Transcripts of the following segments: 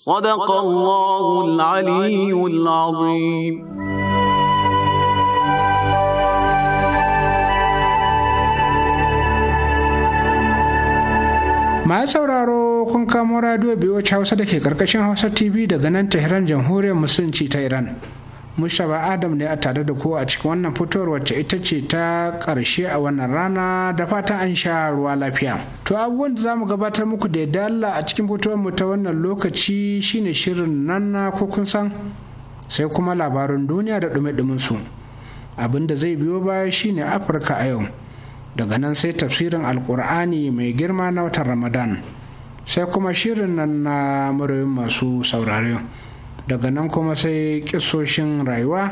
صدق الله العلي العظيم masu sauraro kun kamo radio biyu wacce hausa da ke karkashin hausa tv daga nan tehran jamhuriyar musulunci ta iran mushaba adam ne a tare da kowa a cikin wannan fitowar wacce ita ce ta ƙarshe a wannan rana da fatan an sha ruwa lafiya to abubuwan da za mu gabatar muku da dalla Allah a cikin fitowar mu ta wannan lokaci shine shirin nan na ko kun san sai kuma labarin duniya da ɗume dumin su abin da zai biyo baya shine afirka a yau daga nan sai tafsirin alkur'ani mai girma na watan ramadan sai kuma shirin nan na murayin masu saurare daga nan kuma sai kisoshin rayuwa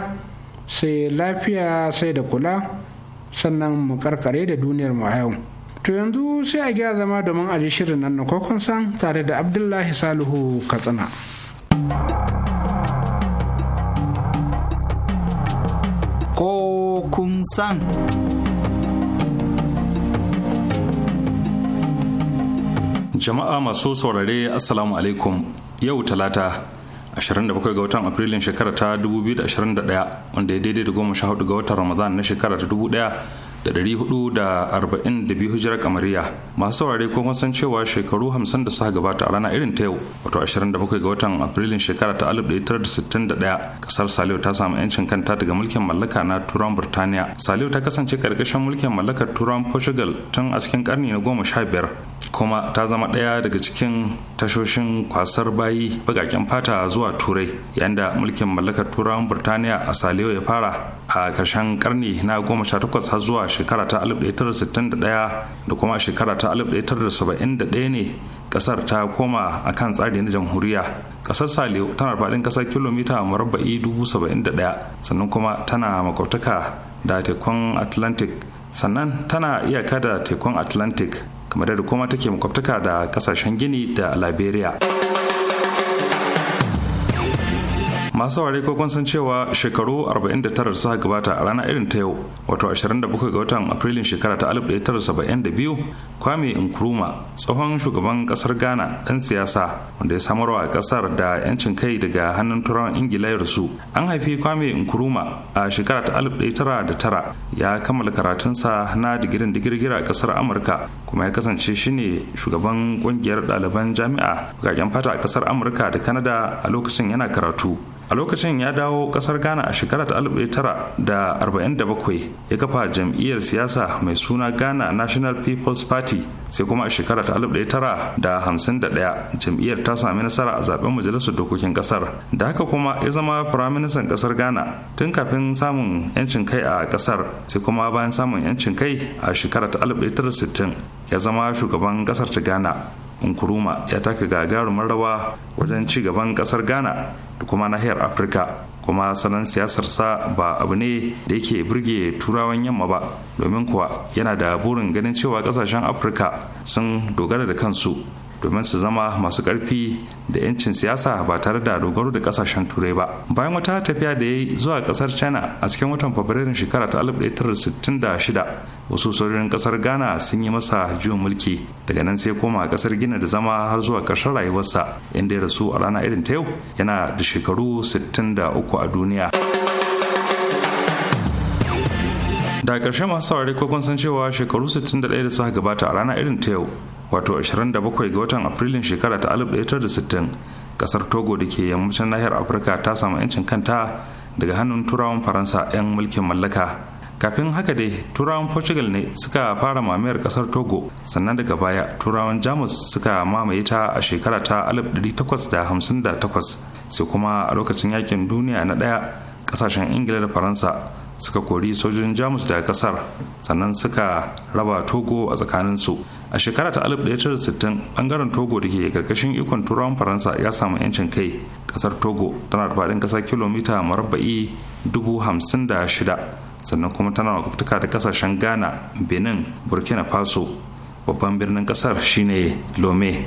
sai lafiya sai da kula sannan mu karkare da duniyar mu yau to yanzu sai a gyara zama domin a ji shirin nan na kokon san tare da abdullahi salihu katsina kokun san jama'a masu saurare assalamu alaikum yau talata 27 ga watan afrilun shekara ta 2021 wanda ya daidai da goma sha hudu ga watan ramadan na shekara ta 1442 hijirar kamariya masu saurare ko san cewa shekaru 50 da suka gabata a rana irin ta yau wato 27 ga watan afrilun shekara ta 1961 kasar saliu ta samu yancin kanta daga mulkin mallaka na turan burtaniya saliu ta kasance karkashin mulkin mallakar turan portugal tun a cikin karni na goma sha biyar kuma ta zama ɗaya daga cikin tashoshin kwasar bayi bagaken fata zuwa turai yadda mulkin mallakar turawan burtaniya a saliyo ya fara a ƙarshen karni na goma sha takwas har zuwa shekara ta 1961 da kuma shekara ta ɗaya ne ƙasar ta koma a kan tsari na jamhuriya ƙasar saliyo tana faɗin ƙasar kilomita murabba'i ɗaya sannan kuma tana makwabtaka da tekun atlantic sannan tana iyaka da tekun atlantic kamar da kuma take makwabtaka da kasashen gini da liberia masu saurare ko kun san cewa shekaru 49 suka gabata a ranar irin ta yau wato 27 ga watan afrilun shekara ta 1972 kwame nkrumah tsohon shugaban kasar ghana ɗan siyasa wanda ya samarwa kasar da 'yancin kai daga hannun turawan ingila an haifi kwame nkrumah a shekara ta 1909 ya kammala karatunsa na digirin digirgira a kasar amurka kuma ya kasance shine shugaban kungiyar ɗaliban jami'a gagen fata a kasar amurka da kanada a lokacin yana karatu a lokacin ya dawo kasar ghana a shekara da 1947 ya kafa jam'iyyar siyasa mai suna ghana national people's party Party sai kuma a shekara ta alif tara da da hamsin daya jam'iyyar ta sami nasara a zaben majalisar dokokin kasar da haka kuma ya zama firaministan kasar ghana tun kafin samun yancin kai a kasar sai kuma bayan samun yancin kai a shekara ta alif tara sittin ya zama shugaban kasar ta ghana nkuruma ya taka gagarumar rawa wajen ci gaban kasar ghana da kuma nahiyar afirka kuma salon siyasarsa ba abu ne da yake burge turawan yamma ba domin kuwa yana da burin ganin cewa kasashen afirka sun dogara da kansu domin su zama masu ƙarfi da 'yancin siyasa ba tare da dogaro da ƙasashen turai ba bayan wata tafiya da ya yi zuwa ƙasar china a cikin watan fabrairun shekara ta 1966 wasu sojojin ƙasar ghana sun yi masa juyin mulki daga nan sai koma ƙasar gina da zama har zuwa ƙarshen rayuwarsa inda ya rasu a rana irin ta yau yana da shekaru 63 a duniya. da ƙarshe masu saurari ko san cewa shekaru 61 da suka gabata a rana irin ta yau wato 27 ga watan afrilun shekara ta 1960 kasar togo da ke yammacin nahiyar afirka ta samu 'yancin kanta daga hannun turawan faransa 'yan mulkin mallaka kafin haka dai turawan portugal ne suka fara mamayar kasar togo sannan daga baya turawan jamus suka mamaye ta a shekara ta 1858 sai kuma a lokacin yakin duniya na daya kasashen ingila da faransa suka kori sojojin jamus daga kasar sannan suka raba togo a tsakaninsu a shekara ta 1960 bangaren togo da ke karkashin ikon turawan faransa ya samu yancin kai kasar togo tana da faɗin ƙasa kilomita marabba'i shida sannan kuma tana makwabtaka da kasashen ghana benin burkina faso babban birnin kasar shine lome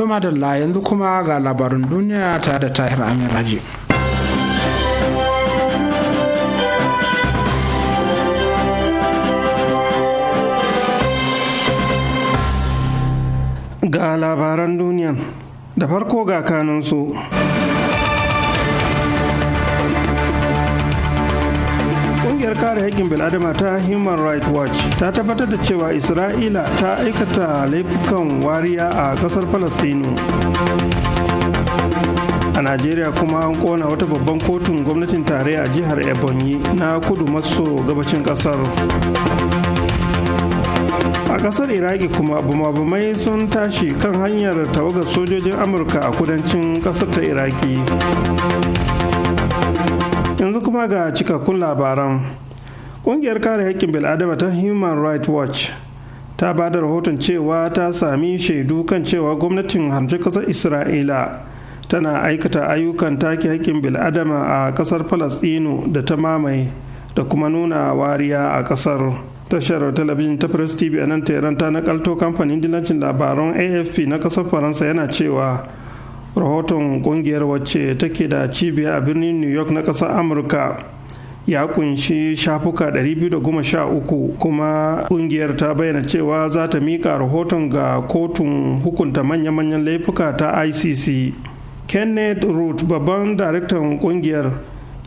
To madalla yanzu kuma ga labarin duniya ta da tahir Amin Raji. Ga labaran duniya da farko ga kanunsu. Ƙungiyar kare haƙƙin bil'adama ta Human Rights Watch ta tabbatar da cewa Isra'ila ta aikata laifukan wariya a ƙasar falastinu A Najeriya kuma an ƙona wata babban kotun gwamnatin tarayya a jihar Ebonyi na kudu maso gabacin ƙasar. a ƙasar iraki kuma bumabumai sun tashi kan hanyar tawagar sojojin amurka a kudancin ƙasar ta iraki yanzu kuma ga cikakkun labaran ƙungiyar kare haƙƙin bil'adama ta human rights watch ta ba da rahoton cewa ta sami shaidu kan cewa gwamnatin harshe ƙasar isra'ila tana aikata ayyukan take haƙƙin bil'adama a ƙasar falastinu da ta mamaye da kuma nuna wariya a ƙasar tashar talabijin ta press tv a nan teran ta nakalto kamfanin dillancin labaran afp na ƙasar faransa yana cewa rahoton kungiyar wacce take da cibiya a birnin new york na ƙasar amurka ya kunshi shafuka 213 kuma kungiyar ta bayyana cewa za ta mika rahoton ga kotun hukunta manya-manyan laifuka ta icc kenneth root babban daraktan kungiyar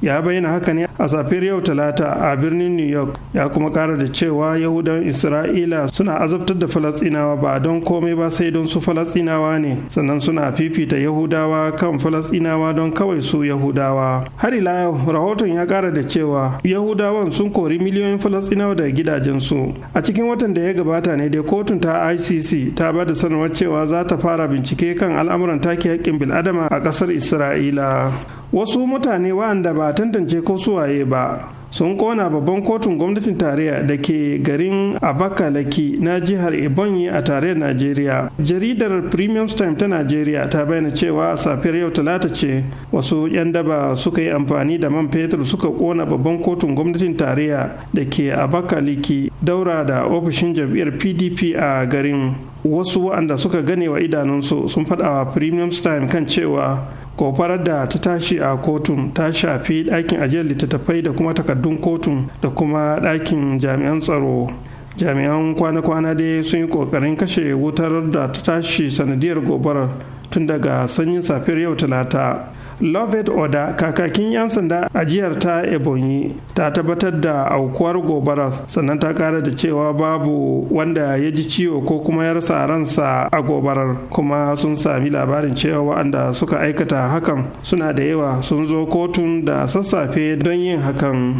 ya bayyana haka ne a safiyar yau talata a birnin new york ya kuma kara da cewa yahudan isra'ila suna azabtar da falasinawa ba don komai ba sai don su falasinawa ne sannan suna fifita yahudawa kan falasinawa don kawai su yahudawa har ila yau rahoton ya kara da cewa yahudawan sun kori miliyoyin falasinawa daga gidajensu a cikin watan da ya gabata ne dai kotun ta icc ta ba da sanarwar cewa za ta fara bincike kan al'amuran take hakkin bil'adama a ƙasar isra'ila wasu mutane waɗanda ba tantance ko suwaye ba sun kona babban kotun gwamnatin tarayya da ke garin abakalaki na jihar ebonyi a tarayyar najeriya jaridar premium time ta najeriya ta bayyana cewa a safiyar yau talata ce wasu 'yan daba suka yi amfani da man fetur suka kona babban kotun gwamnatin tarayya da ke abakalaki daura da ofishin jam'iyyar pdp a garin wasu wa'anda suka gane wa idanunsu sun faɗawa premium time kan cewa kofarar da ta tashi a kotun ta shafi ɗakin ajiyar littattafai da kuma takardun kotun da kuma ɗakin jami'an tsaro jami'an kwana-kwana dai sun yi ƙoƙarin kashe wutar da ta tashi sanadiyar gobarar tun daga sanyin safiyar yau talata lovett oda kakakin 'yan sanda a jihar ta ebonyi ta tabbatar da aukuwar gobara sannan ta kara da cewa babu wanda ya ji ciwo ko kuma ya rasa ransa a gobarar kuma sun sami labarin cewa waɗanda suka aikata hakan suna da yawa sun zo kotun da sassafe don yin hakan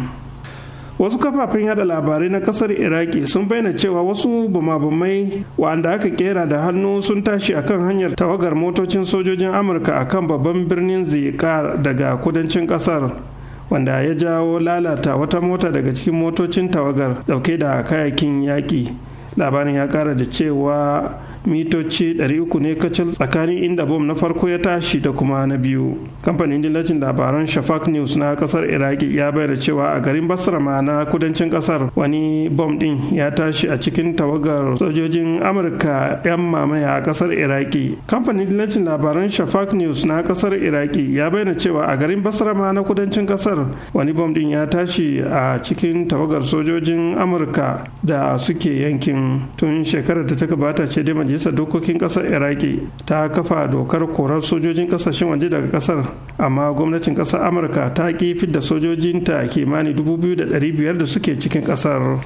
wasu kafafen yada labarai na kasar iraki sun bayyana cewa wasu bamabamai wanda aka kera da hannu sun tashi akan hanyar tawagar motocin sojojin amurka akan babban birnin zikar daga kudancin kasar wanda ya jawo lalata wata mota daga cikin motocin tawagar dauke da kayakin yaƙi labarin ya kara da cewa mitoci 300 ne kacal tsakanin inda bom na farko ya tashi da kuma na biyu kamfanin dillacin labaran shafak news na kasar iraki ya bayyana cewa a garin basra ma na kudancin kasar wani bom din ya tashi a cikin tawagar sojojin amurka 'yan mamaya a kasar iraki kamfanin dillacin labaran shafak news na kasar iraki ya bayyana cewa a garin basra ma na kudancin kasar wani bom din ya tashi a cikin tawagar sojojin amurka da suke yankin tun shekarar da ta gabata ce dai majalisar dokokin kasar iraki ta kafa dokar korar sojojin kasashen waje daga kasar amma gwamnatin kasar amurka ta ki fidda sojojinta kimanin 2,500 da suke cikin kasar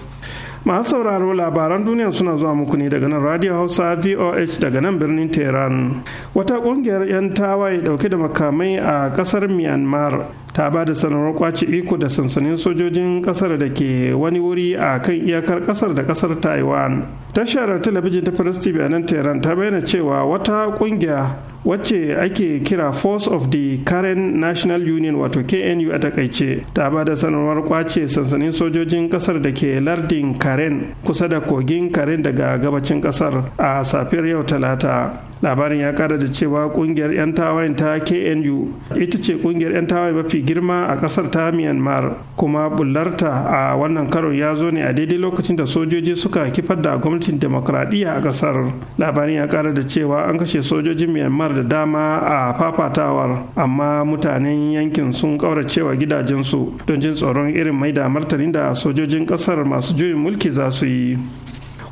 masu sauraro labaran duniya suna zuwa muku ne daga nan radio hausa voh daga nan birnin tehran wata kungiyar 'yan tawaye dauke da makamai a kasar myanmar ta ba da sanarwar kwace iko da sansanin sojojin kasar da ke wani wuri a kan iyakar kasar da kasar taiwan tashar talabijin ta first tv a nan tehran ta bayyana cewa wata kungiya wacce ake kira force of the karen national union wato knu a takaice ta ba da sanarwar kwace sansanin sojojin kasar da ke lardin karen kusa da kogin karen daga gabacin kasar a safiyar yau talata labarin ya kara da cewa kungiyar 'yan tawayen ta knu ita ce kungiyar 'yan tawayen mafi girma a kasar ta myanmar kuma bullarta a wannan karo ya zo ne a daidai lokacin da sojoji suka kifar da gwamnatin demokradiyya a kasar labarin ya kara da cewa an kashe sojojin myanmar da dama a fafatawar amma mutanen yankin sun kauracewa gidajensu don jin tsoron irin mai da martanin da sojojin kasar masu juyin mulki za su yi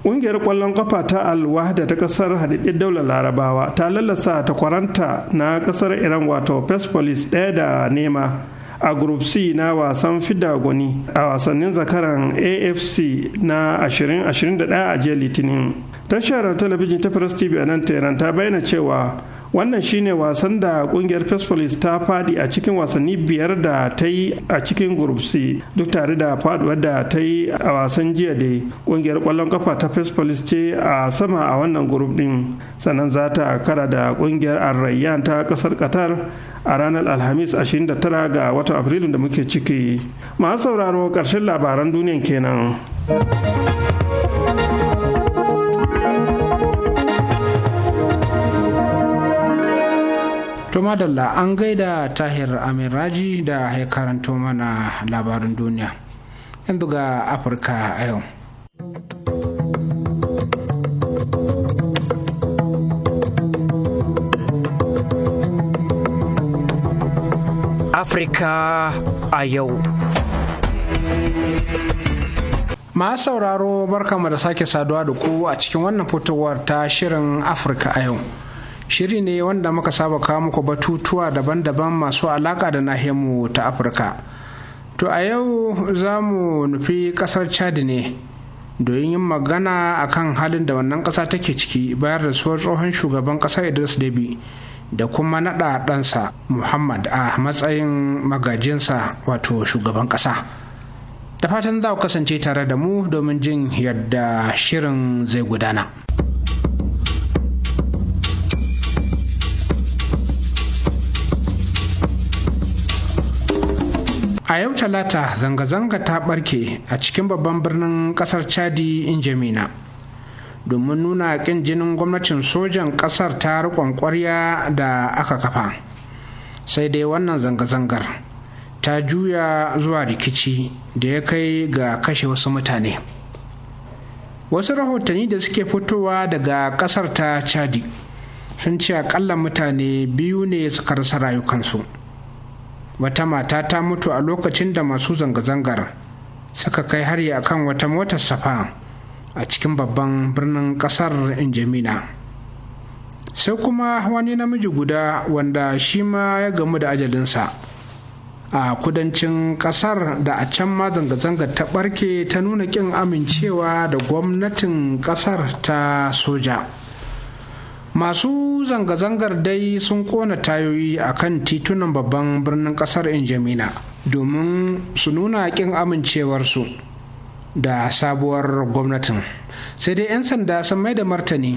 ƙungiyar ƙwallon ƙafa ta alwahda ta ƙasar haɗaɗɗen daular larabawa ta lallasa takwaranta na ƙasar iran wato Police ɗaya da nema a group c na wasan fidda gwani a wasannin zakaran afc na 2021 a jiya litinin tashar talabijin ta press tv a nan teran ta bayyana cewa wannan shine wasan da kungiyar persepolis ta fadi a cikin wasanni biyar da ta yi a cikin group c duk tare da faduwar da ta yi a wasan jiya da kungiyar kwallon kafa ta persepolis ce a sama a wannan group din sannan za ta kara da kungiyar arrayyan ta kasar qatar a ranar alhamis 29 ga watan afrilun da muke ciki masu sauraro karshen labaran duniyan kenan. To madalla an gaida tahir amiraji da ya karanto mana labarin duniya. Yanzu ga Afirka a yau. Afirka a yau. Masu sauraro barkama da sake saduwa da ku a cikin wannan fitowar ta shirin Afirka a yau. shiri ne wanda muka saba kawo muku batutuwa daban-daban masu alaƙa da nahiyarmu ta afirka to a yau za mu nufi ƙasar chad ne domin yin magana akan halin da wannan ƙasa take ciki bayar da suwar tsohon shugaban ƙasa idris debi da kuma naɗa ɗansa muhammad a matsayin magajinsa wato shugaban ƙasa, da fatan za ku kasance tare da mu domin jin yadda shirin zai gudana. a yau talata zanga-zanga ta barke a cikin babban birnin kasar chadi injamina domin nuna kin jinin gwamnatin sojan kasar ta rikon kwarya da aka kafa sai dai wannan zanga-zangar ta juya zuwa rikici da ya kai ga kashe wasu mutane wasu rahotanni da suke fitowa daga ƙasar ta chadi sun ce akalla mutane biyu ne suka rasa rayukansu wata mata ta mutu a lokacin da masu zanga-zangar suka kai hari a kan wata motar safa a cikin babban birnin kasar injamina sai kuma wani namiji guda wanda shi ma ya gamu da ajalinsa a kudancin kasar da a can ma zanga-zangar ta barke ta nuna kin amincewa da gwamnatin kasar ta soja. masu zanga-zangar dai sun kona tayoyi a kan titunan babban birnin kasar injamina domin su nuna ƙin amincewarsu da sabuwar gwamnatin sai dai 'yan sanda sun mai da martani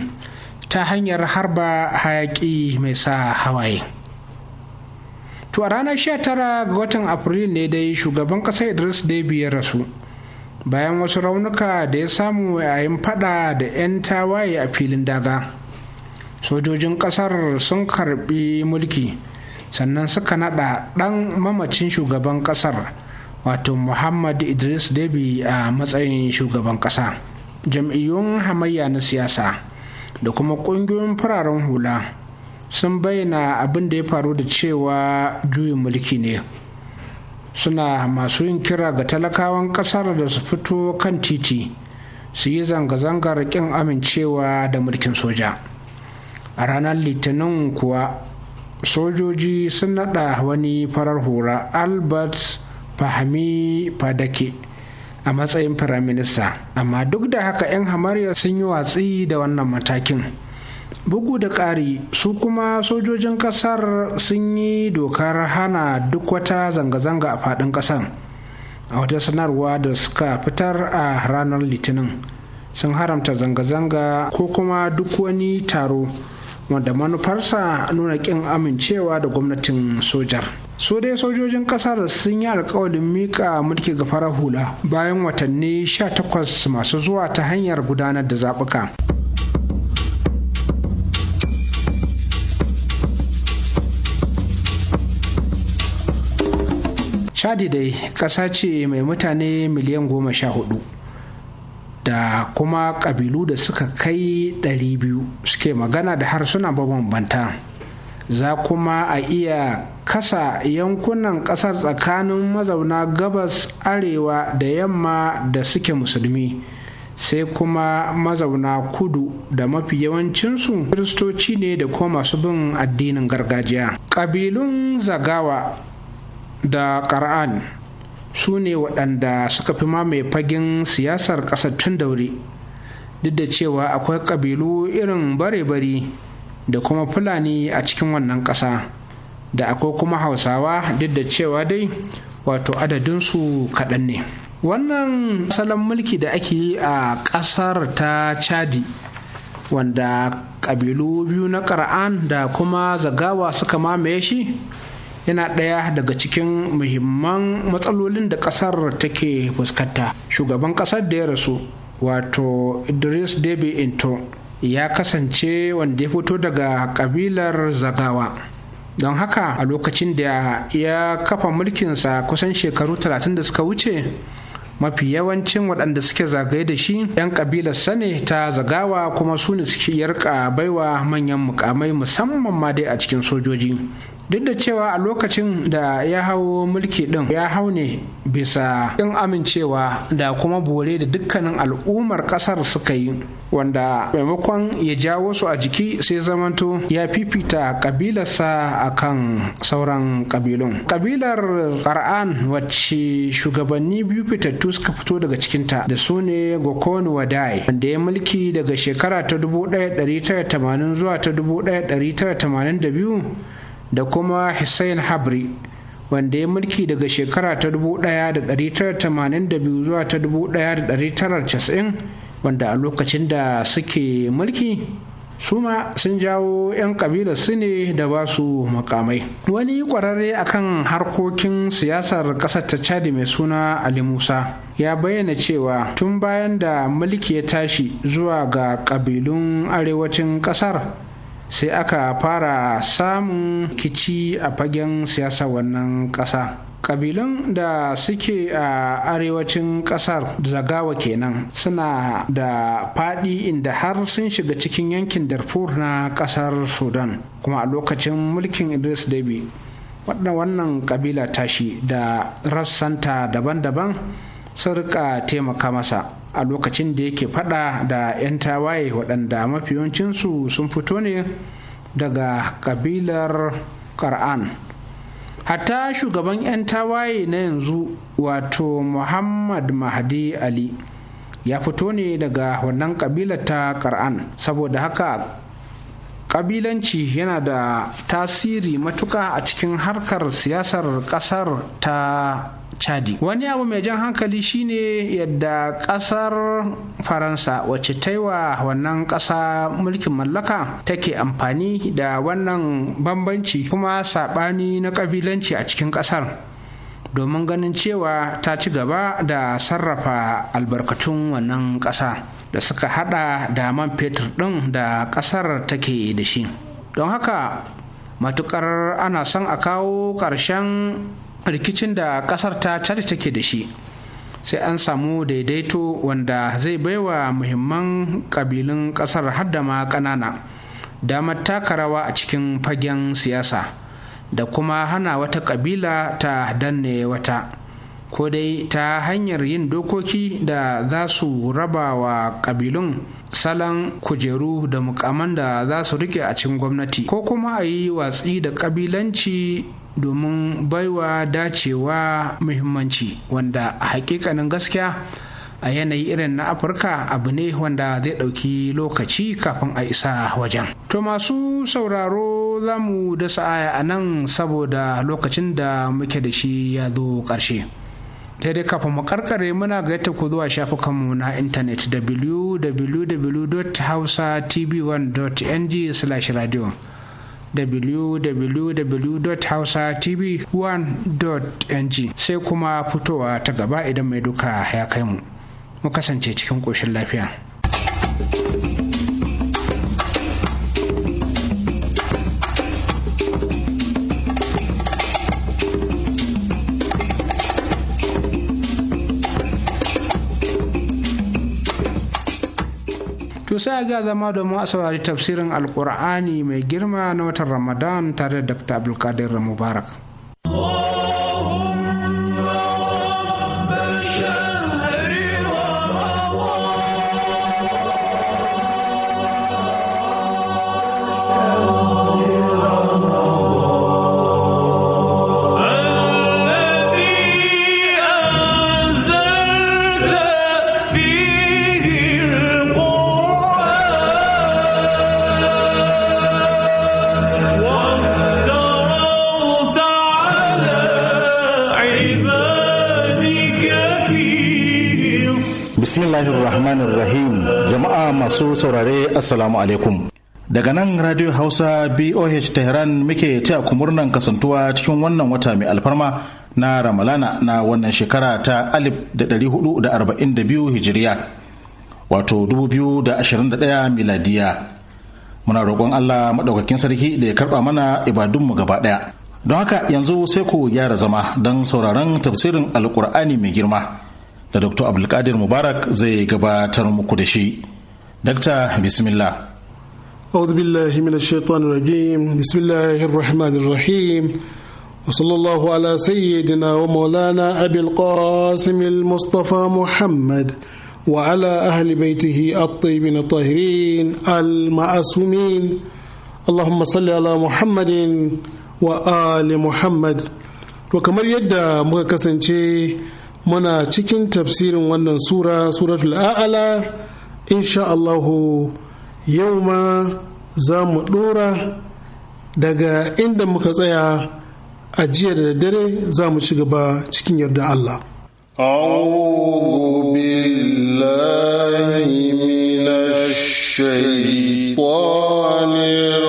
ta hanyar harba hayaki mai sa hawaye. To a ranar 19 ga watan Afrilu ne dai shugaban kasar Idris Deby ya rasu. Bayan wasu raunuka da ya samu yayin fada da 'yan tawaye a filin daga. sojojin kasar sun karbi mulki sannan suka nada dan mamacin shugaban kasar wato muhammad idris debi a matsayin shugaban kasa jam'iyyun hamayya na siyasa da kuma ƙungiyoyin fararen hula sun bayyana abin da ya faru da cewa juyin mulki ne suna masu yin kira ga talakawan kasar da su fito kan titi su yi zanga-zangar kin amincewa da mulkin soja. a ranar litinin kuwa sojoji sun nada wani farar hura albert fahmi fadake a matsayin firaminista amma duk da haka 'yan hamariya sun yi watsi da wannan matakin bugu da ƙari su kuma sojojin ƙasar sun yi dokar hana duk wata zanga-zanga a faɗin ƙasar a wata sanarwa da suka fitar a ranar litinin sun haramta zanga-zanga ko kuma duk wani taro wanda manufarsa nuna ƙin amincewa da gwamnatin sojar su dai sojojin kasar sun yi alkawalin mika mulki ga farar hula bayan watanni 18 masu zuwa ta hanyar gudanar da zaɓuka shadi dai ƙasa ce mai mutane miliyan goma sha hudu da kuma ƙabilu da suka kai 200 suke magana da harsuna mabambanta za kuma a iya kasa yankunan ƙasar tsakanin mazauna gabas arewa da yamma da suke musulmi sai kuma mazauna kudu da mafi yawancinsu kiristoci ne da kuma masu bin addinin gargajiya ƙabilun zagawa da ƙar'an su ne waɗanda suka fi mamaye fagen siyasar ƙasar tun daure duk da cewa akwai ƙabilu irin bare-bare da kuma fulani a cikin wannan ƙasa da akwai kuma hausawa duk da cewa dai wato adadinsu kaɗan ne wannan salon mulki da ake yi a ƙasar ta chadi wanda ƙabilu biyu na ƙara'an da kuma zagawa suka mamaye shi yana ɗaya daga cikin muhimman matsalolin da ƙasar take fuskanta shugaban ƙasar da ya rasu wato idris debi into ya kasance wanda ya fito daga ƙabilar zagawa don haka a lokacin da ya kafa mulkinsa kusan shekaru 30 da suka wuce mafi yawancin waɗanda suke zagaye da shi 'yan ƙabilar sane ta zagawa kuma su ne suke yarka baiwa manyan mukamai musamman ma dai a cikin sojoji duk da cewa a lokacin da ya hau mulki ɗin ya hau ne bisa in amincewa da kuma bore da dukkanin al'ummar ƙasar suka yi wanda maimakon ya jawo su a jiki sai zamanto ya fifita ƙabilarsa a kan sauran ƙabilun ƙabilar ƙar'an wacce shugabanni biyu fitattu suka fito daga cikinta da su ne gokonu wadai wanda ya mulki daga shekara ta 1980 zuwa ta 1982 da kuma hussein habri wanda ya mulki daga shekara ta 1982 zuwa ta 1990 wanda a lokacin da suke mulki suma sun jawo 'yan kabilar su ne da ba su makamai wani kwararre akan harkokin siyasar ƙasar ta cadi mai suna ali musa ya bayyana cewa tun bayan da mulki ya tashi zuwa ga ƙabilun arewacin ƙasar sai aka fara samun kici a fagen siyasa wannan ƙasa kabilan da suke a arewacin ƙasar zagawa kenan suna da faɗi inda har sun shiga cikin yankin darfur na ƙasar sudan kuma a lokacin mulkin idris debi wadda wannan kabila tashi da rassanta daban-daban sun rika taimaka masa a lokacin da yake fada da 'yan tawaye waɗanda mafiyancinsu sun fito ne daga kabilar kar'an hatta shugaban 'yan tawaye na yanzu wato muhammad mahdi ali ya fito ne daga wannan kabilar ta kar'an saboda haka kabilanci yana da tasiri matuka a cikin harkar siyasar kasar ta chadi wani abu mai jan hankali shine yadda kasar faransa wacce ta yi wa wannan kasa mulkin mallaka take amfani da wannan bambanci kuma sabani na kabilanci a cikin kasar domin ganin cewa ta ci gaba da sarrafa albarkatun wannan kasa da suka hada da man fetur ɗin da ƙasar take da shi don haka matukar ana son a kawo ƙarshen rikicin da ƙasar ta cari take da shi sai an samu daidaito wanda zai baiwa muhimman ƙabilun ƙasar ma ƙanana damar taka rawa a cikin fagen siyasa da kuma hana wata ƙabila ta danne wata. ko dai ta hanyar yin dokoki da za su raba wa ƙabilun salon kujeru da mukaman da za su rike a cikin gwamnati ko kuma a yi watsi da ƙabilanci domin baiwa dacewa muhimmanci wanda hakikanin gaskiya a yanayi irin na afirka abu ne wanda zai ɗauki lokaci kafin a isa wajen to masu sauraro za mu dasa aya a nan saboda lokacin da muke da shi ya zo ƙarshe daidai kafin mu karkare muna ga yadda ku zuwa shafukanmu na intanet www.hausatv1.ng/radio www.hausatv1.ng sai kuma fitowa ta gaba idan mai duka ya kai mu mu kasance cikin ƙoshin lafiya. sai a ga zama domin a saurari tafsirin alkur'ani mai girma na watan ramadan tare da dr abdulkadir mubarak Rahim. Jama'a masu saurare Assalamu alaikum. Daga nan Radio Hausa BOH Tehran muke taya ku murnan kasantuwa cikin wannan wata mai alfarma na Ramalana na wannan shekara ta 1442 Hijiriya. Wato 2021 miladiya. Muna roƙon Allah maɗaukakin sarki da ya karɓa mana ibadunmu gaba ɗaya. Don haka yanzu sai ku gyara zama don sauraron tafsirin Alƙur'ani mai girma. da dr abdulkadir mubarak zai gabatar muku da shi dakta bismillah أعوذ بالله من الشيطان الرجيم بسم الله الرحمن الرحيم وصلى الله على سيدنا ومولانا أبي القاسم المصطفى محمد وعلى أهل بيته الطيبين الطاهرين المعصومين اللهم صل على محمد وآل محمد وكما يدى مكسنتي muna cikin tafsirin wannan sura suratul a'ala insha Allahu yau ma za mu dora daga inda muka tsaya a jiya da dare za mu ci gaba cikin yarda Allah أعوذ بالله من الشيطان الرجيم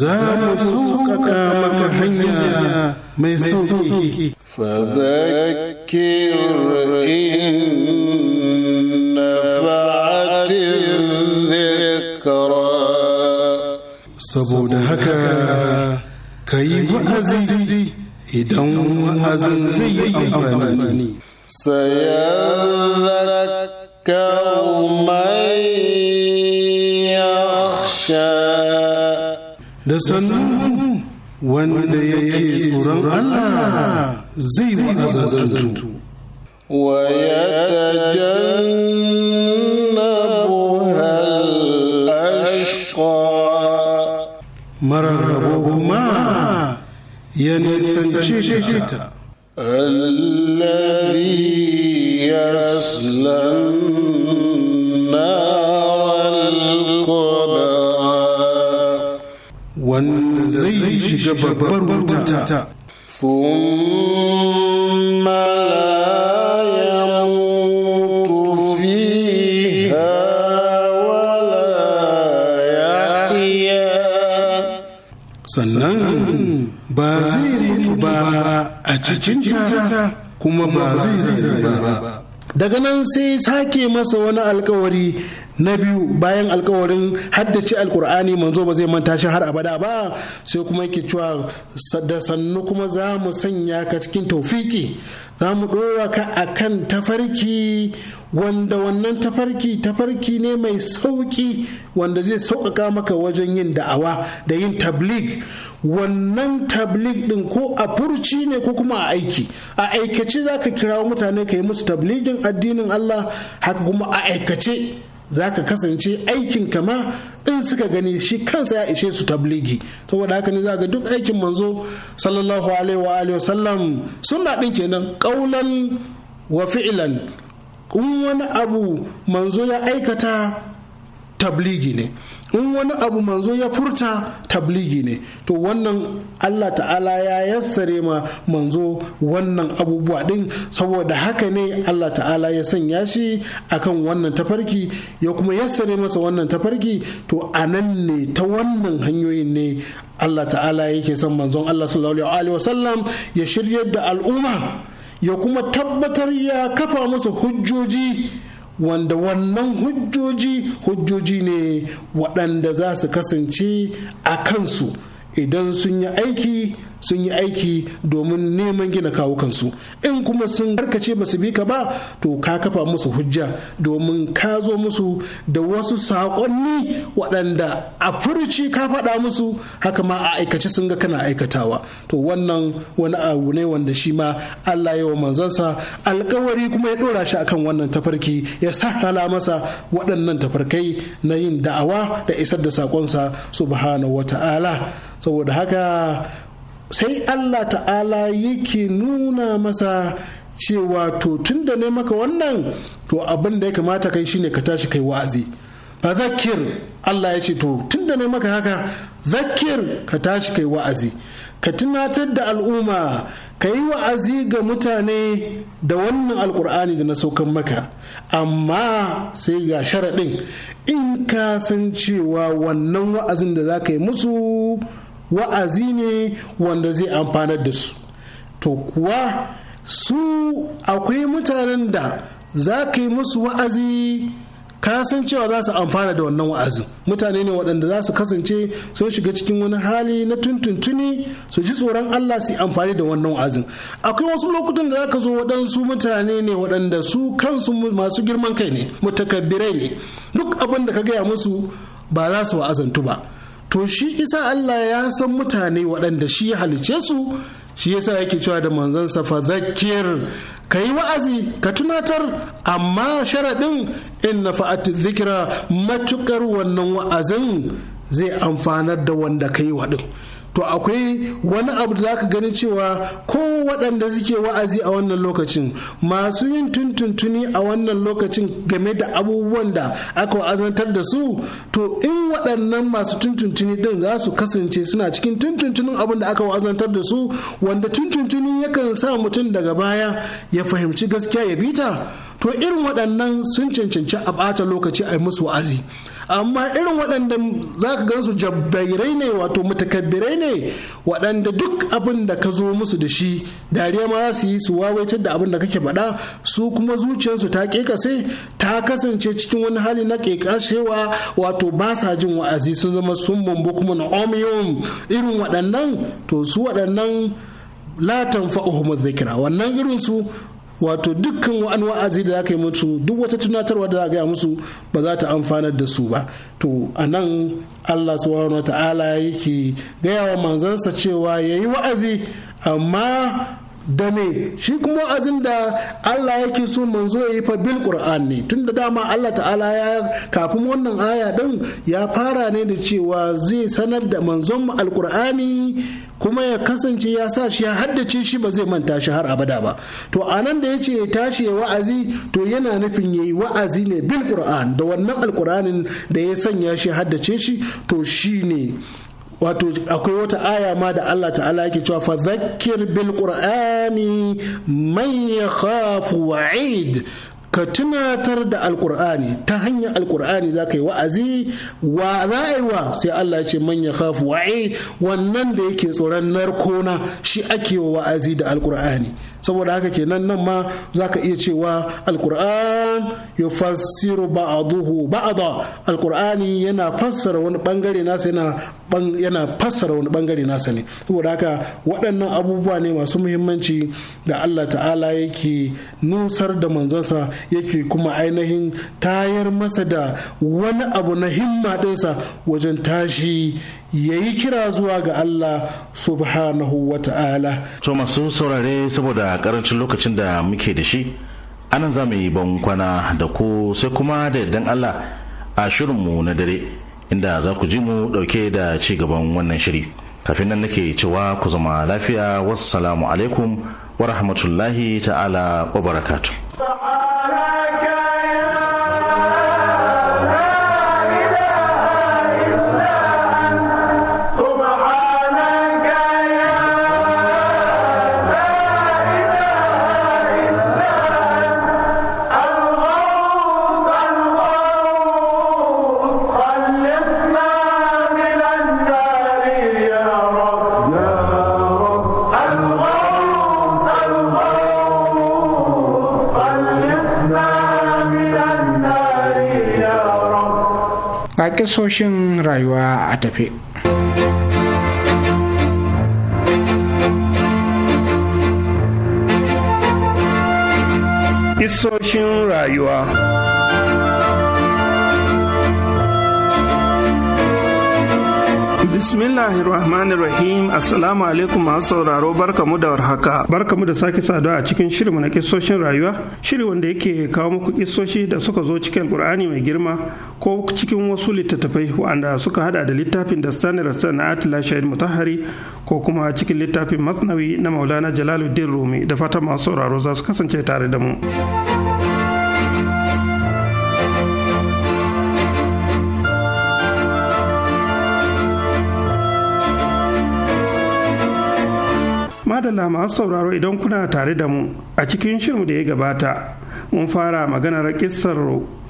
za mu sauƙaƙa maka hanya mai sauƙi. فذكر إن نفعت الذكرى saboda haka ka yi wa'azi idan wa'azin zai yi amfani. Sayan zakar da sannu wanda yake tsoron Allah zai wa'azantu wa yatajannabuha al-ashqa mararrabu kuma ya nisanci ta الذي يصلى wanda zai shiga babbar wuta ثم لا يموت فيها sannan ba zai mutu ba a cikinta kuma ba zai zai ba daga nan sai sake masa wani alkawari na biyu bayan alkawarin haddace alkur'ani manzo ba zai manta shi har abada ba sai kuma yake cewa da sannu kuma za mu sanya ka cikin taufiki za mu ɗora ka a kan tafarki wanda wannan tafarki tafarki ne mai sauƙi wanda zai sauƙaƙa maka wajen yin da'awa da yin tablig wannan tablig din ko a furci ne ko kuma a aiki a aikace za ka kirawo mutane ka yi musu tabligin addinin Allah haka kuma a aikace za ka kasance aikin kama in suka gani shi kansa ya ishe su tabligi saboda haka ne za ga duk aikin manzo sallallahu alaihi wa alihi wasallam sunna din kenan kaulan wa fi'lan in wani abu manzo ya aikata tabligi ne in wani abu manzo ya furta tabligi ne to wannan Allah ta'ala ya yassare ma manzo wannan abubuwa din saboda haka ne Allah ta'ala ya sanya shi akan wannan tafarki ya kuma yassare masa wannan tafarki to a nan ne ta wannan hanyoyin ne Allah ta'ala yake son manzon Allah sallallahu alaihi wasallam ya shiryar da al'umma ya kuma tabbatar ya kafa masa hujjoji wanda wannan hujjoji hujjoji ne waɗanda za su kasance a kansu idan sun yi aiki sun yi aiki domin neman gina kawukansu in kuma sun karkace ba su bi ka ba to ka kafa musu hujja domin ka zo musu da wasu saƙonni waɗanda a furuci ka faɗa musu haka ma a aikace sun ga kana aikatawa to wannan wani abu ne wanda shi ma Allah ya wa manzansa alkawari kuma ya ɗora shi akan wannan tafarki ya sa hala masa waɗannan tafarkai na yin da'awa da isar da saƙonsa subhanahu wata'ala saboda haka sai Allah ta'ala yake nuna masa cewa to tun da ne maka wannan to abin da ya kamata kai shine ka tashi kai wa'azi fa zakir Allah ya ce to tun da ne maka haka zakir ka tashi kai wa'azi ka tunatar da al'umma ka yi wa'azi ga mutane da wannan alkur'ani da na saukan maka amma sai ga sharaɗin in ka san cewa wannan wa'azin da za ka yi musu wa'azi ne wanda zai amfanar da su to kuwa su akwai mutanen da za ka yi musu wa'azi kasan cewa za su amfana da wannan wa'azin mutane ne waɗanda za su kasance sun shiga cikin wani hali na tuntuntuni su ji tsoron Allah su amfani da wannan wa'azin akwai wasu lokutan da za ka zo waɗansu mutane ne waɗanda su kansu masu girman kai ne mutakabbirai ne duk abin da ka gaya musu ba za su wa'azantu ba to shi isa Allah ya san mutane waɗanda shi ya halice su shi yasa yake cewa da manzansa safa zakir ka yi wa'azi ka tunatar amma sharaɗin in na fa'ati zikira matuƙar wannan wa'azin zai amfanar da wanda ka yi waɗin to akwai wani abu da zaka gani cewa ko waɗanda suke wa'azi a wannan lokacin masu yin tuntuntuni a wannan lokacin game da abubuwan da aka wa'azantar da su to in waɗannan masu tuntuntuni din za su kasance suna cikin tuntuntunin abin da aka wa'azantar da su wanda tuntuntuni yakan sa mutum daga baya ya fahimci gaskiya ya bita to irin waɗannan sun cancanci a ɓata lokaci a yi musu wa'azi amma irin waɗanda za ka gansu jabbairai ne wato mutakabbirai ne waɗanda duk abin da ka zo musu da shi dariya ma za su yi su wawaitar da abin da kake faɗa su kuma zuciyarsu ta sai ta kasance cikin wani hali na kekashewa wato ba sa jin wa'azi sun zama sun bambu kuma na omiyom irin waɗannan to su waɗannan latan tanfa'uhum zikira wannan irin su wato dukkan wa'an wa'azi da aka yi musu duk wata tunatarwa da aka yi musu ba za ta amfanar da su ba to a nan allah subhanahu wa ta'ala yake gaya wa manzansa cewa ya yi wa'azi amma da me shi kuma wa'azin da Allah yake so manzo ya yi fa bil Qur'an ne tunda dama Allah ta'ala ya kafin wannan aya din ya fara ne da cewa zai sanar da manzon alqur'ani kuma ya kasance ya sa shi ya haddace shi ba zai manta shi har abada ba to anan da yace ya tashi ya wa'azi to yana nufin yayi wa'azi ne bil Qur'an da wannan alqur'anin da ya sanya shi haddace shi to shine wato akwai wata aya ma da Allah ta'ala yake cewa fa zakkir bil qur'ani man yakhafu wa'id ka tunatar da alkur'ani ta hanyar alkur'ani za ka yi wa'azi wa za a yi wa sai Allah ce manya khafu wa'i wannan da yake tsoron narkona shi ake wa wa'azi da alkur'ani saboda haka kenan nan ma zaka iya cewa alkur'an yufassiru ba'dahu ba'da alkur'ani yana fassara wani bangare nasa yana yana fassara wani bangare nasa ne saboda haka waɗannan abubuwa ne masu muhimmanci da Allah ta'ala yake nusar da manzansa yake kuma ainihin tayar masa da wani abu na himma ɗinsa wajen tashi ya yi kira zuwa ga Allah subhanahu wa ta'ala. To masu saurare saboda karancin lokacin da muke da shi, anan za mu yi bankwana da ku sai kuma da yardan Allah a shirinmu na dare inda za ku ji mu ɗauke da ci gaban wannan shiri. Kafin nan nake cewa ku zama lafiya wassalamu alaikum wa rahmatullahi ta'ala wa barakatuh. kisoshin rayuwa a tafe. Kisoshin rayuwa Rahim Assalamu alaikum masu sauraro barkamu da warhaka. Barkamu da sake saduwa a cikin shirinmu na kisoshin rayuwa, shiri wanda yake kawo muku kisoshi da suka zo cikin Qur'ani mai girma ko cikin wasu littattafai waɗanda suka hada da littafin da sanar rastan na shahid mutahari ko kuma cikin littafin masnawi na maulana jalaluddin rumi da fata masu sauraro za su kasance tare da mu madalla masu sauraro idan kuna tare da mu a cikin shirin da ya gabata mun fara maganar kissar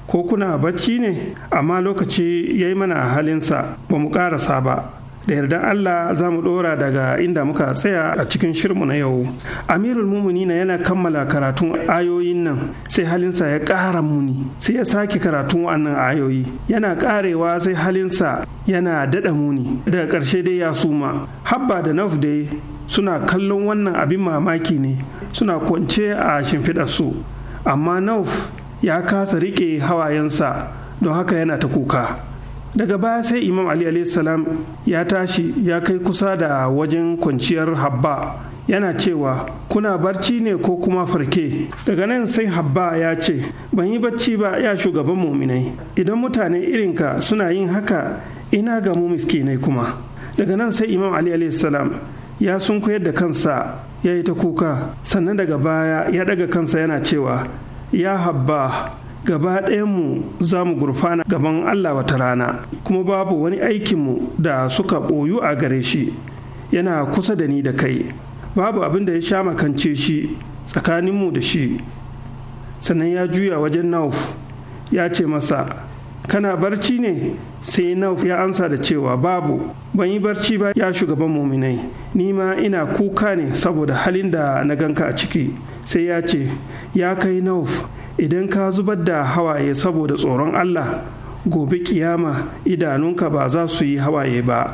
ko kuna bacci ne amma lokaci ya yi mana halinsa ba mu ƙarasa ba da yardan Allah za mu ɗora daga inda muka tsaya a cikin shirmu na yau. Amirul Muminina yana kammala karatun ayoyin nan sai halinsa ya ƙara muni sai ya sake karatun wannan ayoyi yana ƙarewa sai halinsa yana daɗa muni daga ƙarshe dai ya suma habba da naf dai suna kallon wannan abin mamaki ne suna kwance a shimfiɗar amma nauf ya kasa rike hawayensa don haka yana ta kuka daga baya sai imam ali salam ya tashi ya kai kusa da wajen kwanciyar habba yana cewa kuna barci ne ko kuma farke daga nan sai habba ya ce ban yi bacci ba ya shugaban muminai idan mutane irinka suna yin haka ina ga mu miskinai kuma daga nan sai imam ali salam ya sunkuyar da kansa ya yi ta kuka sannan daga baya ya daga kansa yana cewa ya habba gaba mu za mu gurfana gaban Allah wata rana kuma babu wani aikinmu da suka ɓoyu a gare shi yana kusa da ni da kai babu abin da ya sha makance shi tsakaninmu da shi sannan ya juya wajen nauf ya ce masa kana barci ne sai nauf ya ansa da cewa babu ban yi barci ba ya shugaban muminai ni ma ina kuka ne saboda halin da na ganka a ciki sai ya ce ya kai nauf idan ka zubar da hawaye saboda tsoron allah gobe kiyama idanunka ba za su yi hawaye ba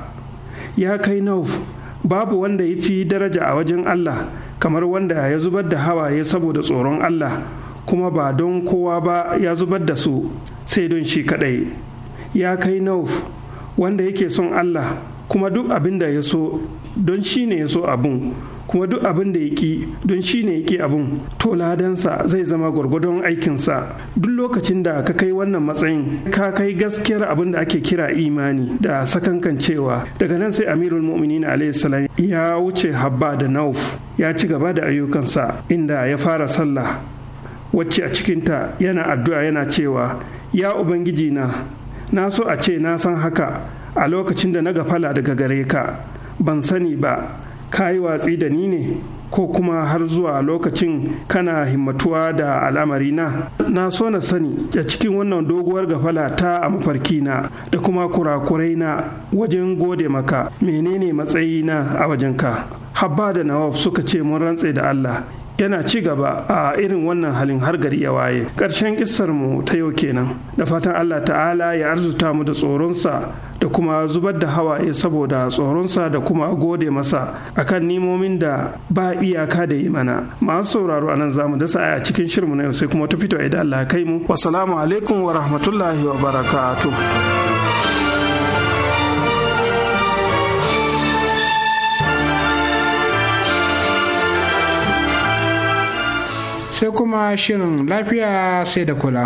ya kai nauf babu wanda ya fi daraja a wajen allah kamar wanda ya zubar da hawaye saboda tsoron allah kuma ba don kowa ba ya zubar da su sai don shi kadai ya kai nauf wanda yake son allah kuma duk abin da ya so don shi ne ya so abun kuma duk abin da ya ki don shi ne ya abin to ladansa zai zama gwargwadon aikinsa duk lokacin da ka kai wannan matsayin ka kai gaskiyar abin da ake kira imani da sakankan cewa daga nan sai amirul mu'minin alayhi salam ya wuce habba da nauf ya ci gaba da ayyukansa inda ya fara sallah wacce a cikinta yana addu'a yana cewa ya ubangiji na na so a ce na san haka a lokacin da na gafala daga gare ka ban sani ba ka yi watsi da ni ne ko kuma har zuwa lokacin kana himmatuwa da al'amari na na so na sani a cikin wannan doguwar gafala ta a mafarki na da kuma kurakurai na wajen gode maka menene matsayi na a wajen ka? habba da nawaf suka ce mun rantse da Allah yana ci gaba a irin wannan halin har gari ya waye ƙarshen mu ta yau kenan da fatan Allah ta'ala ya arzuta mu da tsoronsa da kuma zubar da hawa hawaye saboda tsoronsa da kuma gode masa akan nimomin da ba iyaka da yi mana masu sauraro nan za mu dasa a cikin shirmu na yau sai kuma ta fito idan Allah kai mu wasalamu alaikum wa rahmatullahi wa barakatu. sai kuma shirin lafiya sai da kula.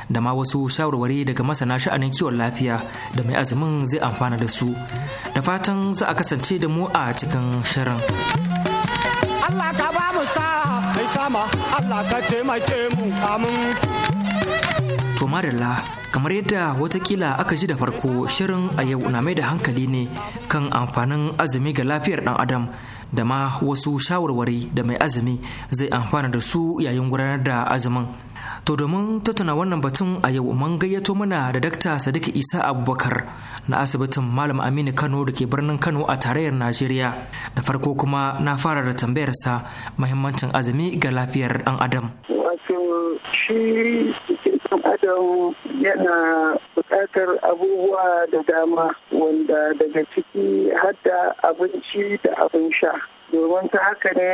da ma wasu shawarwari daga masana sha'anin kiwon lafiya da mai azumin zai amfana da su da fatan za a kasance da mu a cikin shirin Allah ka ba mu sa mai sama Allah ka taimake mu amin to madalla kamar yadda watakila aka ji da farko shirin a yau na mai da hankali ne kan amfanin azumi ga lafiyar dan adam da ma wasu shawarwari da mai azumi zai amfana da su yayin gudanar da azumin To domin tattauna wannan batun a yau mun gayyato mana da Dakta Sadiq Isa Abubakar na asibitin Malam Aminu Kano da ke birnin Kano a tarayyar Najeriya. Da farko kuma na fara da tambayarsa muhimmancin azumi ga lafiyar ɗan Adam. Wato shi Adam yana buƙatar abubuwa da dama wanda daga ciki hadda abinci da abin sha. domin ta haka ne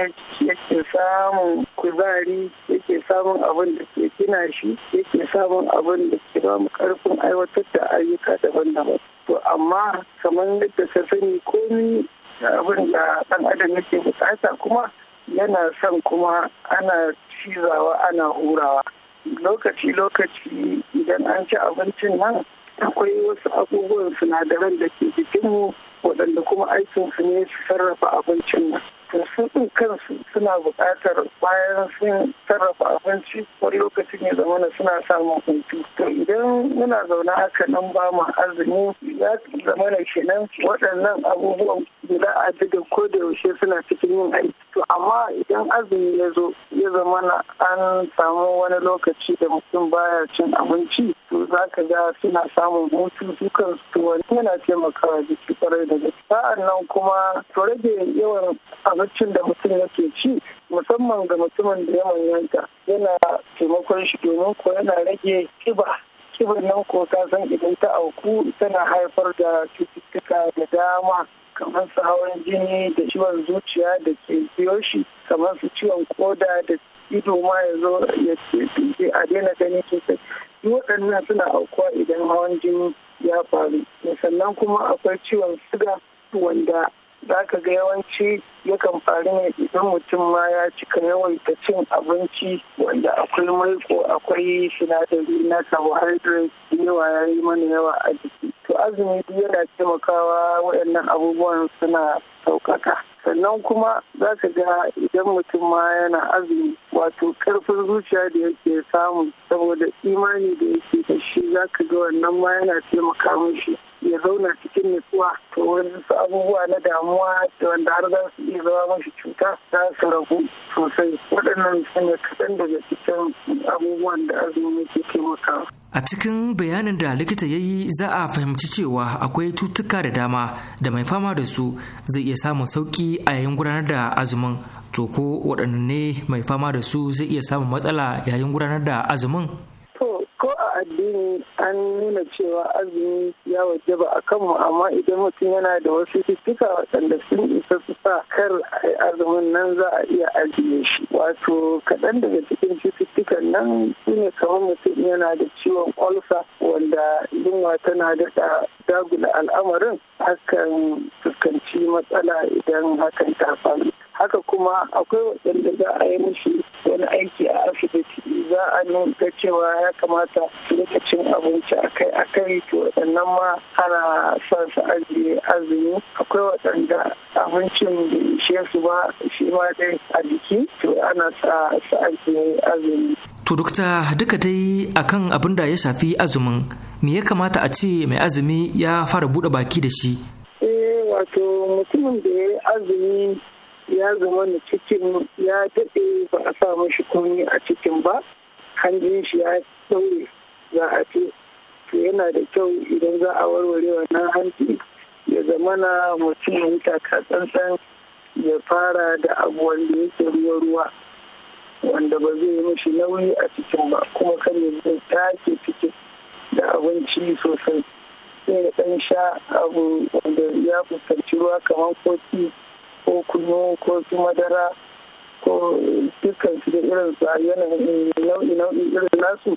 yake samun kuzari yake samun abin da ke gina shi yake samun abin da ke ba mu karfin aiwatar da ayyuka daban-daban to amma kamar yadda ka sani komi abin da ɗan adam yake bukata kuma yana son kuma ana cizawa ana hurawa lokaci-lokaci idan an ci abincin nan akwai wasu abubuwan sinadaran da ke jikinmu waɗanda kuma aikinsu ne su sarrafa abincin nan to su ɗin kansu suna buƙatar bayan sun sarrafa abinci wani lokacin ya zamana suna samun hutu to idan muna zaune haka nan ba mu azumi ya zama kenan waɗannan abubuwan guda a da ko da yaushe suna cikin yin aiki to amma idan azumi ya zo ya zama na an samu wani lokaci da mutum baya cin abinci to za ka ga suna samun hutu su wani yana taimakawa jiki kwarai da gaske sa'an nan kuma to rage yawan halaccin da mutum yake ci musamman ga mutumin da ya manyanta yana taimakon shi domin ko yana rage kiba kiban nan ko ta san idan ta auku tana haifar da cututtuka da dama kamar su hawan jini da ciwon zuciya da ke biyo shi kamar su ciwon koda da ido ma ya zo ya a daina gani sosai waɗannan suna aukuwa idan hawan jini ya faru sannan kuma akwai ciwon suga wanda za ka ga yawanci yakan faru ne idan mutum ma ya cika yawaita cin abinci wanda akwai ko akwai sinadari na carbohydrate yawa ya yi mana yawa a jiki to azumi yana taimakawa waɗannan abubuwan suna saukaka sannan kuma za ka ga idan mutum ma yana azumi wato karfin zuciya da yake samu saboda imani da yake da shi za ka ga wannan ma yana taimaka mishi ya zauna cikin nutsuwa to wasu abubuwa na damuwa da wanda har za su iya zama mashi cuta za su ragu sosai waɗannan su ne kaɗan daga cikin abubuwan da azumi ke taimakawa. A cikin bayanin da likita ya yi za a fahimci cewa akwai cutuka da dama da mai fama da su zai iya samun sauki a yayin gudanar da azumin to ko waɗanne mai fama da su zai iya samun matsala yayin gudanar da azumin? addini an nuna cewa azumi ya wajaba a kanmu amma idan mutum yana da wasu cututtuka waɗanda sun isa su sa kar azumin nan za a iya ajiye shi wato kaɗan daga cikin cututtukan nan su ne kamar mutum yana da ciwon kwalsa wanda yunwa tana da dagula al'amarin hakan fuskanci matsala idan hakan ta faru haka kuma akwai waɗanda za a yi musu wani aiki a asibiti za a nuna cewa ya kamata abinci cin abinci kai-a kai, to waɗannan ma ana sa su ajiye azumi akwai waɗanda abincin da shi su ba shi ma dai a jiki to ana sa su ajiye azumi. To dukta duka dai akan abin da ya shafi azumin me ya kamata a ce mai azumi ya fara buɗe baki da shi? Eh wato mutumin da ya azumi ya zama na cikin ya daɗe ba a sa mashi komi a cikin ba hanjin shi ya ɗaure za a ce to yana da kyau idan za a warware wannan hanji ya zama na mutum ya taka tsantsan ya fara da abu wanda yake ruwa ruwa wanda ba zai yi mashi nauyi a cikin ba kuma kan ya zai tafi cikin da abinci sosai sai ya ɗan sha abu wanda ya fuskanci ruwa kamar kofi ko kunu ko su madara ko dukkan su da irin sa yanayin nau'i nau'i irin nasu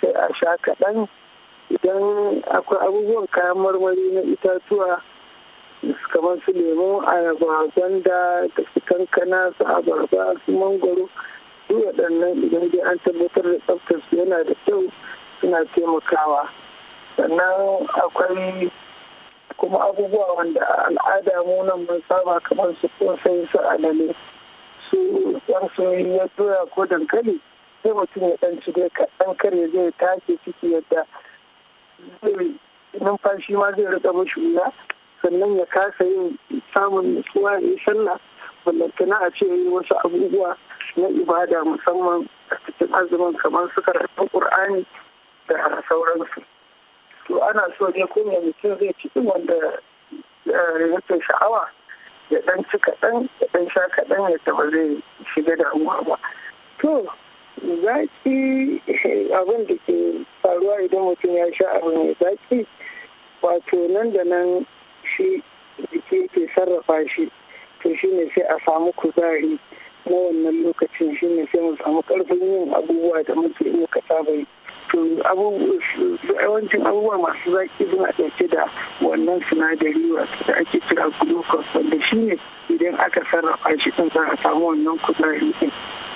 sai a sha kaɗan idan akwai abubuwan kayan marmari na itatuwa kamar su lemu ayaba gwanda da su kankana su abarba su mangoro duk waɗannan idan dai an tabbatar da tsaftar su yana da kyau suna taimakawa sannan akwai kuma abubuwa wanda al'ada mu nan mun saba kamar su kosai su alale su yan ya doya ko dankali sai mutum ya ɗan cire ka kaɗan kare zai take ciki yadda zai numfashi ma zai rika mashi wuya sannan ya kasa yin samun nutsuwa ya sallah ballantana a ce yi wasu abubuwa na ibada musamman a cikin azumin kamar su karatun ƙur'ani da sauransu. to ana so ne ko mai mutum zai ci wanda eh, yake sha'awa ya dan ci kaɗan ya dan sha kaɗan ya taɓa zai shiga damuwa ba to zaki eh, abin da ke faruwa idan mutum ya sha abu mai zaki wato nan da nan shi jiki ke sarrafa shi to shi ne sai a samu kuzari na wannan lokacin shi ne sai mu samu karfin yin abubuwa da muke iya kasa yi yawancin abubuwa masu zaki suna ɗauke da wannan sinadari wato da ake kira glucose wanda ne idan aka sarrafa shi ɗin za a samu wannan kuzari ɗin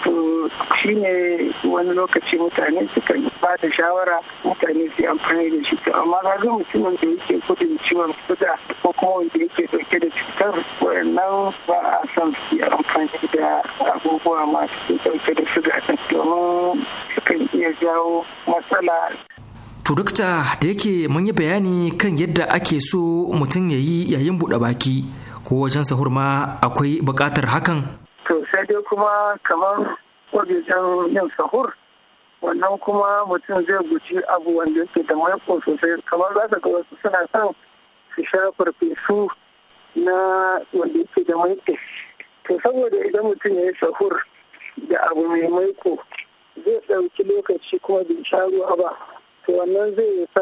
to ne wani lokaci mutane sukan ba da shawara mutane su amfani da shi amma ga mutumin da yake gudun ciwon suga ko kuma wanda yake dauke da cutar wayannan ba a son su yi amfani da abubuwa masu dauke da suga domin sukan iya jawo matsala To dukta da yake mun yi bayani kan yadda ake so mutum ya yi yayin buɗe baki ko wajen sahur ma akwai buƙatar hakan sai dai kuma kamar wajen yin sahur wannan kuma mutum zai guji abu wanda yake da maiko sosai kamar za ka ga wasu suna son su sha farfesu na wanda yake da maiko to saboda idan mutum ya yi sahur da abu mai maiko zai ɗauki lokaci kuma bai sha ruwa ba to wannan zai sa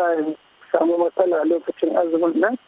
samu matsala lokacin azumin nan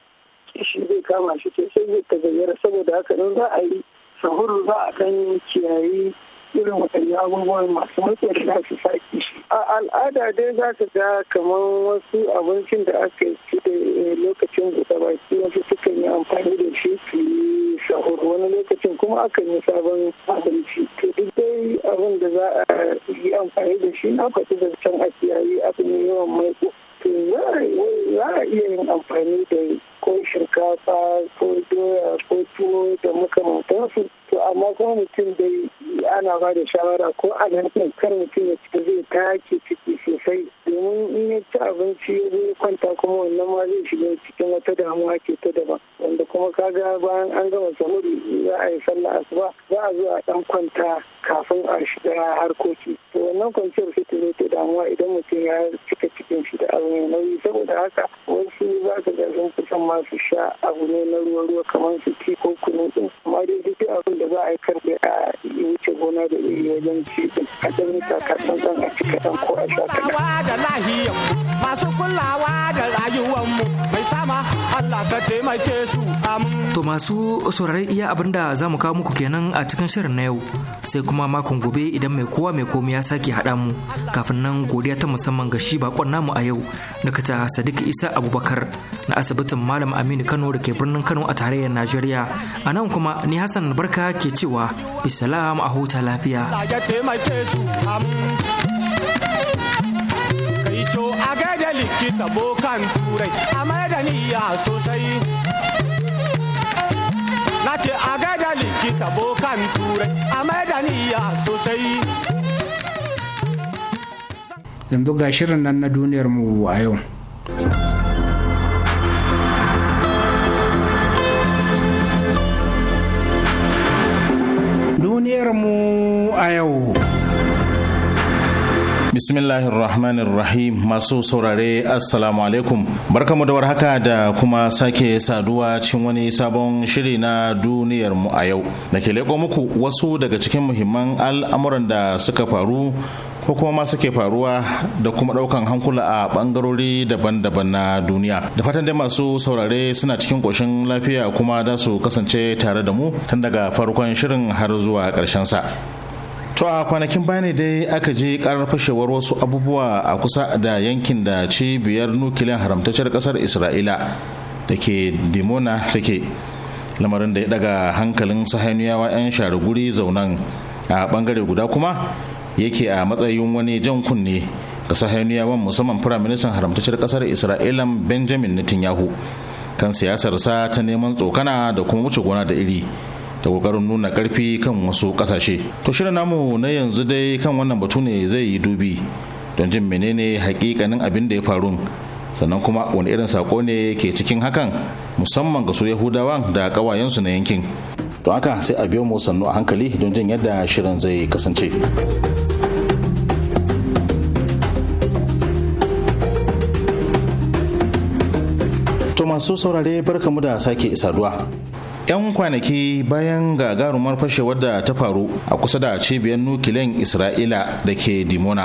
shi zai kama shi sosai zai ta gayyara saboda haka nan za a yi sahuru za a kan kiyayi irin waɗannan abubuwan masu matsa da za su saki shi. A al'ada dai za ka ga kamar wasu abincin da aka ci da eh, lokacin buɗe baki wasu suka yi amfani da shi su yi sahur wani lokacin kuma aka yi sabon abinci. To duk dai abin da za a yi amfani da shi na faɗi da can a kiyaye abin yawan maiko. To za a iya yin amfani da ko shinkafa ko doya ko tuwo da makamantansu to amma kuma mutum dai ana ba da shawara ko a nan kar mutum ya ciki zai take ciki sosai domin in ya ci abinci ya zai kwanta kuma wannan ma zai shiga cikin wata damuwa ke ta daban wanda kuma kaga bayan an gama samuri za a yi sallah asuba za a zo a dan kwanta kafin a shiga harkoki to wannan kwanciyar sai ta zo ta damuwa idan mutum ya cika cikin shi da abu nauyi saboda haka wasu za ka ga sun fi son masu sha abu ne na ruwa ruwa kamar su ti ko kunu din amma dai duk abin da za a yi karbe a a wuce gona da iri wajen ci din a ɗan kaɗan a cika ɗan ko a sha kaɗan. kulawa da rayuwanmu mai sama Allah ka To masu saurari iya abin da za mu kawo muku kenan a cikin shirin na yau sai kuma makon gobe idan mai kowa mai komai ya sake haɗa mu kafin nan godiya ta musamman ga shi bakon namu a yau na kata Sadiq Isa Abubakar na asibitin Malam Aminu Kano da ke birnin Kano a tarayyar Najeriya a nan kuma ni Hassan Barka ke cewa bisalam a huta lafiya. to a gaida likita bokan turai a da niyya sosai na ce a gaida likita bokan turai a da niyya sosai yanzu ga shirin nan na duniyar mu a yau duniyar mu a yau Bismillahir masu saurare Assalamu alaikum. Barkamu da warhaka da kuma sake saduwa cikin wani sabon shiri na duniyar mu a yau. Da ke leko muku wasu daga cikin muhimman al'amuran da suka faru ko kuma ma suke faruwa da kuma daukan hankula a bangarori daban-daban na duniya da fatan dai masu saurare suna cikin koshin lafiya kuma da su kasance tare da mu tun daga farkon shirin har zuwa ƙarshen sa To a kwanakin baya dai aka je karar fashewar wasu abubuwa a kusa da yankin da cibiyar nukiliyar haramtacciyar kasar Isra'ila da ke Dimona take. Lamarin da ya daga hankalin sahaniyawa 'yan share guri zaunan a bangare guda kuma yake a matsayin wani jan kunne ga sahaniyawan musamman firaministan haramtacciyar kasar Isra'ila Benjamin Netanyahu kan siyasarsa ta neman tsokana da kuma wuce gona da iri. da kokarin nuna karfi kan wasu kasashe to shirin namu na yanzu dai kan wannan batu ne zai yi dubi don jin menene hakikanin abin da ya faru sannan kuma wani irin sako ne ke cikin hakan musamman ga su yahudawa da kawayensu na yankin to haka sai a biyo mu sannu a hankali don jin yadda shirin zai kasance to masu saurare barkamu da sake saduwa 'yan kwanaki bayan gagarumar fashewar da ta faru a kusa da cibiyar nukiliyan isra'ila da ke dimona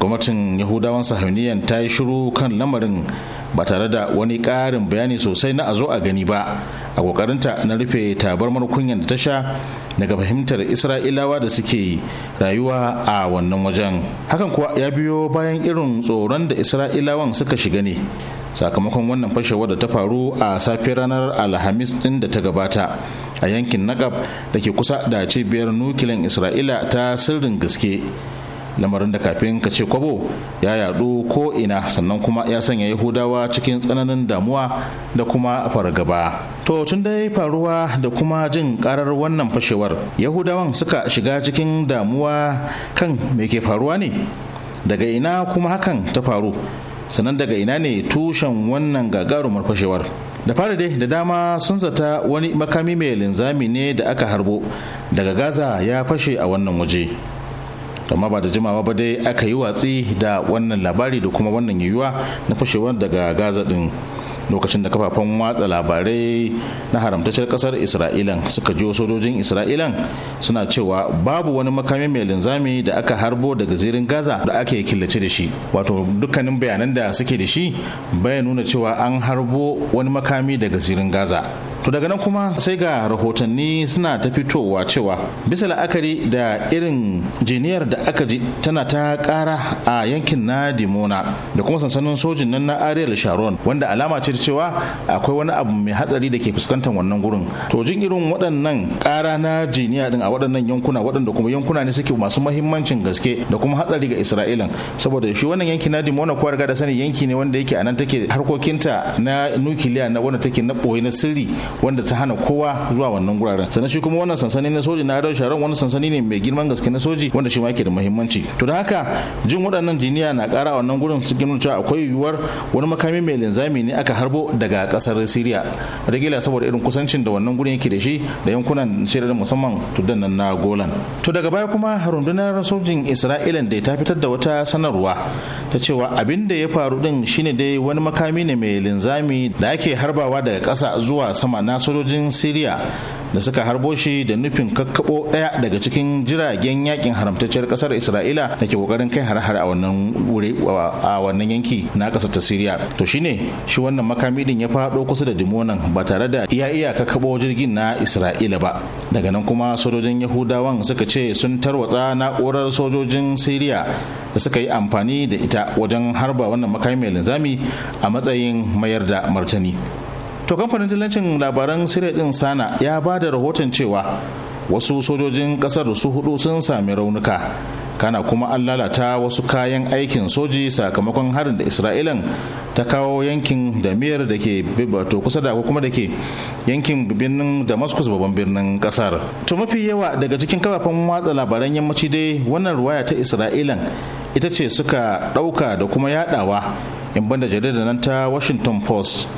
gwamnatin yahudawan sahuniyan ta yi shiru kan lamarin ba tare da wani ƙarin bayani sosai na a zo a gani ba a ƙoƙarinta na rufe tabarmar kunyan da ta sha daga fahimtar isra'ilawa da suke rayuwa a wannan wajen hakan kuwa ya biyo bayan irin tsoron da isra'ilawan suka shiga ne sakamakon wannan fashewar da ta faru a safiyar ranar alhamis din da ta gabata a yankin nagab da ke kusa da cibiyar nukilin isra'ila ta sirrin gaske lamarin da kafin ka ce kwabo ya yadu ko ina sannan kuma ya sanya yahudawa cikin tsananin damuwa da kuma fargaba to tun dai faruwa da kuma jin karar wannan fashewar yahudawan suka shiga cikin damuwa kan me ke faruwa ne daga ina kuma hakan ta faru sannan daga ina ne tushen wannan gagarumar fashewar da fara dai da dama sun zata wani makami mai linzami ne da aka harbo daga gaza ya fashe a wannan waje amma ba da jimawa ba dai aka yi watsi da wannan labari da kuma wannan yiwuwa na fashewar daga gaza din lokacin da kafafen watsa labarai na haramtacciyar kasar isra'ilan suka jiwo sojojin isra'ilan suna cewa babu wani makami mai linzami da aka harbo daga zirin gaza da ake killace da shi wato dukkanin bayanan da suke da shi bai nuna cewa an harbo wani makami daga zirin gaza to daga nan kuma sai ga rahotanni suna ta fitowa cewa bisa la'akari da irin jiniyar da aka ji tana ta kara a yankin na dimona da kuma sansanin sojin nan na ariel sharon wanda alama ce cewa akwai wani abu mai hatsari da ke fuskantar wannan gurin to jin irin waɗannan kara na jiniya din a waɗannan yankuna waɗanda kuma yankuna ne suke masu mahimmancin gaske da kuma hatsari ga Isra'ila saboda shi wannan yankin na dimona kuwa riga da sani yanki ne wanda yake a nan take harkokinta na nukiliya na wanda take na ɓoye na sirri wanda ta hana kowa zuwa wannan guraren sannan shi kuma wannan sansani na soji na adar sharon wani sansani ne mai girman gaske na soji wanda shi ma yake da muhimmanci to da haka jin waɗannan jiniya na ƙara wannan gurin su gina cewa akwai yiwuwar wani makami mai linzami ne aka harbo daga ƙasar siriya rigila saboda irin kusancin da wannan gurin yake da shi da yankunan shirar musamman tuddan nan na golan to daga baya kuma rundunar sojin isra'ilan da ta fitar da wata sanarwa ta cewa abin da ya faru din shine dai wani makami ne mai linzami da ake harbawa daga ƙasa zuwa sama na sojojin siriya da suka harbo shi da nufin kakkabo ɗaya daga cikin jiragen yakin haramtacciyar kasar isra'ila da ke ƙoƙarin kai har-har a wannan wuri a wannan yanki na kasar ta siriya to shine shi wannan makami din ya faɗo kusa da dimonan ba tare da iya iya kakkabo jirgin na isra'ila ba daga nan kuma sojojin yahudawan suka ce sun tarwatsa na'urar sojojin siriya da suka yi amfani da ita wajen harba wannan makami mai linzami a matsayin mayar da martani to kamfanin dillancin labaran Sirri din sana ya ba da rahoton cewa wasu sojojin kasar su hudu sun sami raunuka kana kuma an lalata wasu kayan aikin soji sakamakon harin da isra'ilan ta kawo yankin da miyar da ke bibato kusa da kuma da ke yankin birnin damascus babban birnin kasar to mafi yawa daga cikin kafafen watsa labaran yammaci dai wannan ruwaya ta isra'ilan ita ce suka ɗauka da kuma yadawa in banda jaridar nan ta washington post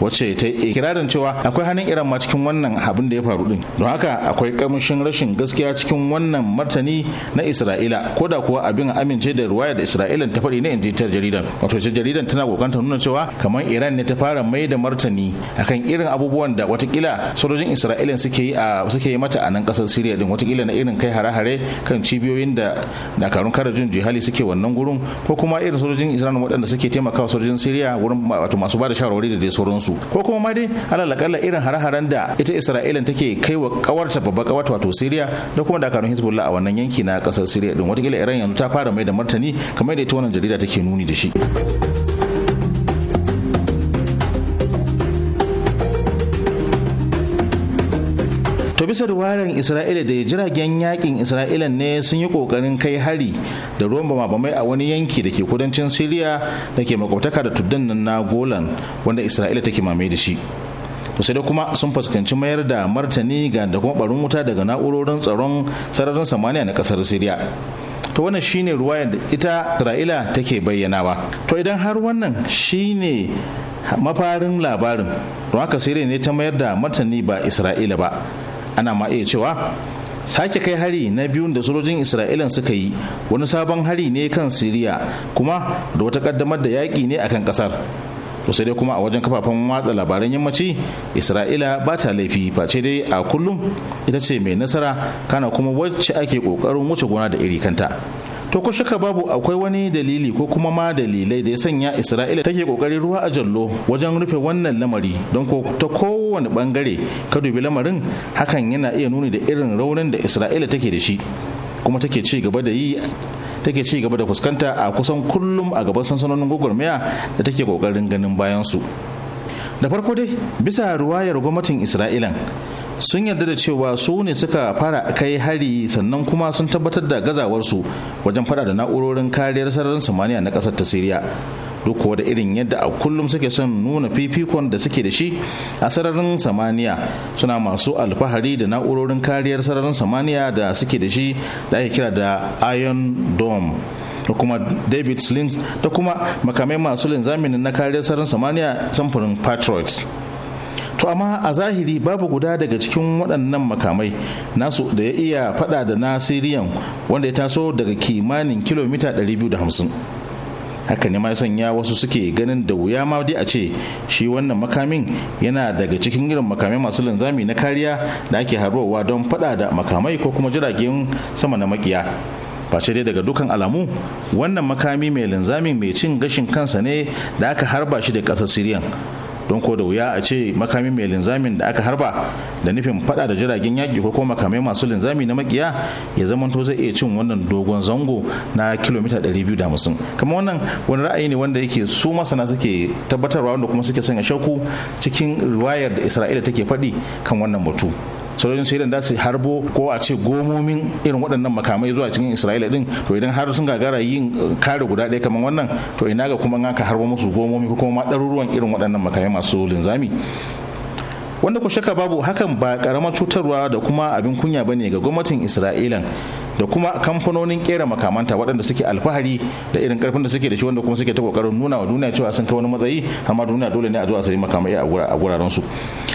wacce ta ikirarin cewa akwai hannun iran ma cikin wannan abin da ya faru din don haka akwai kamshin rashin gaskiya cikin wannan martani na isra'ila ko da kuwa abin amince da ruwaya da isra'ila ta faɗi ne in ji ta jaridan wato ta jaridan tana kokanta nuna cewa kamar iran ne ta fara mai da martani akan irin abubuwan da watakila sojojin isra'ila suke yi a suke yi mata a nan kasar Siriya din watakila na irin kai hare-hare kan cibiyoyin da dakarun karajin jihali suke wannan gurin ko kuma irin sojojin isra'ila waɗanda suke taimakawa sojojin Siriya wurin wato masu ba da shawarwari da dai sauransu su ko kuma ma dai alal akalla irin hare-haren da ita isra'ila take kai wa kawarta babbar kawarta wato siriya da kuma dakarun hezbollah a wannan yanki na kasar syria din watakila iran yanzu ta fara mai da martani kamar da ita wannan jarida take nuni da shi bisa ruwarin isra'ila da jiragen yakin isra'ila ne sun yi kokarin kai hari da ruwan bamabamai a wani yanki da ke kudancin siriya da ke makwabtaka da tuddan nan na golan wanda isra'ila take mamaye da shi sai da kuma sun fuskanci mayar da martani ga da kuma barin wuta daga na'urorin tsaron sararin samaniya na kasar siriya to wannan shine ruwayar da ita isra'ila take bayyanawa to idan har wannan shine mafarin labarin don haka ne ta mayar da martani ba isra'ila ba ana ma iya cewa sake kai hari na biyun da sojojin isra'ila suka yi wani sabon hari ne kan siriya kuma da wata kaddamar da yaƙi ne akan ƙasar to sai dai kuma a wajen kafafen watsa labaran yammaci isra'ila ba ta laifi face dai a kullum ita ce mai nasara kana kuma wacce ake ƙoƙarin wuce gona da iri kanta to ko shaka babu akwai wani dalili ko kuma ma dalilai da ya sanya isra'ila take kokarin ruwa a jallo wajen rufe wannan lamari don ko ta kowane bangare ka dubi lamarin hakan yana iya nuni da irin raunin da isra'ila take da shi kuma take ci gaba da yi take ci gaba da fuskanta a kusan kullum a gaban sansanonin gwagwarmaya da take kokarin ganin bayan su da farko dai bisa ruwayar gwamnatin isra'ilan sun yarda da cewa su ne suka fara kai hari sannan kuma sun tabbatar da gazawarsu wajen fada da na'urorin kariyar sararin samaniya na kasar ta siriya duk da irin yadda a kullum suke son nuna fifikon da suke da shi a sararin samaniya suna masu alfahari da na'urorin kariyar sararin samaniya da suke da shi da ake kira da iron dome da kuma david slint da kuma makamai masu linzamin na kariyar sararin samaniya samfurin patriots to amma a zahiri babu guda daga cikin waɗannan makamai nasu da ya iya faɗa da na siriyan wanda ya taso daga kimanin kilomita 250 haka ne ma sanya wasu suke ganin da wuya ma dai a ce shi wannan makamin yana daga cikin irin makamai masu linzami na kariya da ake harbowa don faɗa da makamai ko kuma jiragen sama na makiya face dai daga dukan alamu wannan makami mai linzamin mai cin gashin kansa ne da aka harba shi da ƙasar siriyan don ko da wuya a ce makami mai linzamin da aka harba da nufin fada da jiragen yaki ko kuma makamai masu linzami na makiya ya zamanto zai iya cin wannan dogon zango na kilomita 250 kamar wannan wani ra'ayi ne wanda yake su masana suke tabbatarwa wanda kuma suke sanya shakku cikin riwayar da isra'ila take faɗi kan wannan mutum sojojin sweden da su harbo ko a ce gomomin irin waɗannan makamai zuwa cikin isra'ila din to idan har sun gagara yin eh, kare guda ɗaya kamar wannan to ina ga kuma aka harbo musu gomomi ko kuma ɗaruruwan irin waɗannan makamai masu linzami wanda ku shaka babu hakan ba karamar cutarwa da kuma abin kunya bane ga gwamnatin isra'ilan da kuma kamfanonin kera makamanta waɗanda suke alfahari da irin karfin da suke da shi wanda kuma suke ta kokarin nuna wa duniya cewa sun kai wani matsayi amma duniya dole ne a zo a sayi makamai a guraren su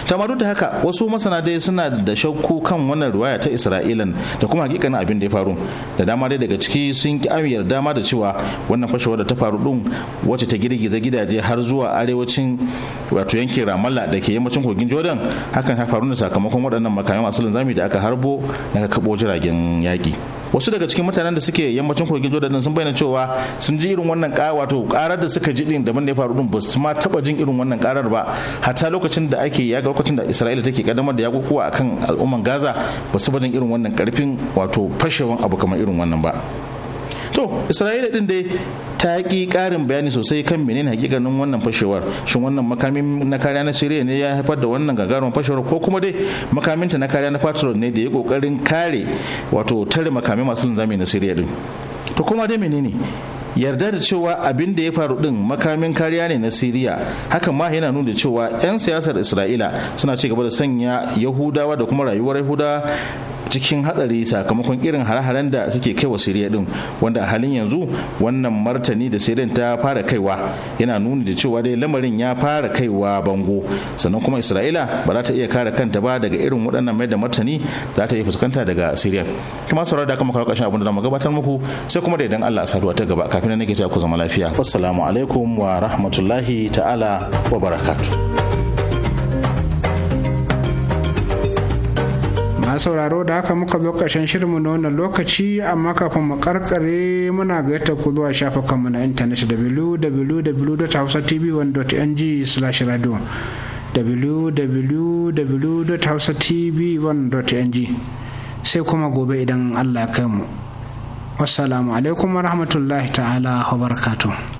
ta da haka wasu masana dai suna da shakku kan wannan ruwaya ta isra'ilan da kuma hakikanin abin da ya faru da dama dai daga ciki sun ki amiyar dama da cewa wannan fashewar da ta faru din wacce ta girgiza gidaje har zuwa arewacin wato yankin ramallah da ke yammacin kogin jordan hakan ta faru ne sakamakon waɗannan makamai masu linzami da aka harbo daga kabo jiragen yaƙi wasu daga cikin mutanen da suke yammacin kogin jordan sun bayyana cewa sun ji irin wannan ƙara wato ƙarar da suka ji din da ya faru din ba su ma taba jin irin wannan karar ba hatta lokacin da ake ga lokacin da isra'ila take kadamar da yakukuwa akan al'umman gaza ba su ba jin irin wannan karfin wato fashewan abu kamar irin wannan ba to isra'ila din dai ta ki karin bayani sosai kan menene hakikanin wannan fashewar shin wannan makamin na kariya na siriya ne ya haifar da wannan gagarumin fashewar ko kuma dai makaminta na kariya na patron ne da ya kokarin kare wato tare makamai masu linzami na siriya din to kuma dai menene yarda da cewa abin da ya faru din makamin kariya ne na siriya hakan ma yana nuna cewa 'yan siyasar isra'ila suna ci gaba da sanya yahudawa da kuma rayuwar yahudawa cikin hatsari sakamakon irin hare-haren da suke kai wa siriya din wanda a halin yanzu wannan martani da siriya ta fara kaiwa yana nuni da cewa dai lamarin ya fara kaiwa bango sannan kuma isra'ila ba za ta iya kare kanta ba daga irin waɗannan mai da martani za ta iya fuskanta daga siriya kuma saurara da kuma kawo ƙarshen abin da mu gabatar muku sai kuma da idan allah a saduwa ta gaba kafin nake ta ku zama lafiya wassalamu alaikum wa rahmatullahi ta'ala wa barakatuh masu sauraro da haka muka zo ƙarshen shirinmu na wannan lokaci amma kafin mu karkare muna gaita ku zuwa shafukanmu na intanet www.hausatv1.ng/radio www.hausatv1.ng sai kuma gobe idan Allah ya kai mu wassalamu alaikum wa rahmatullahi ta'ala wa barakatuh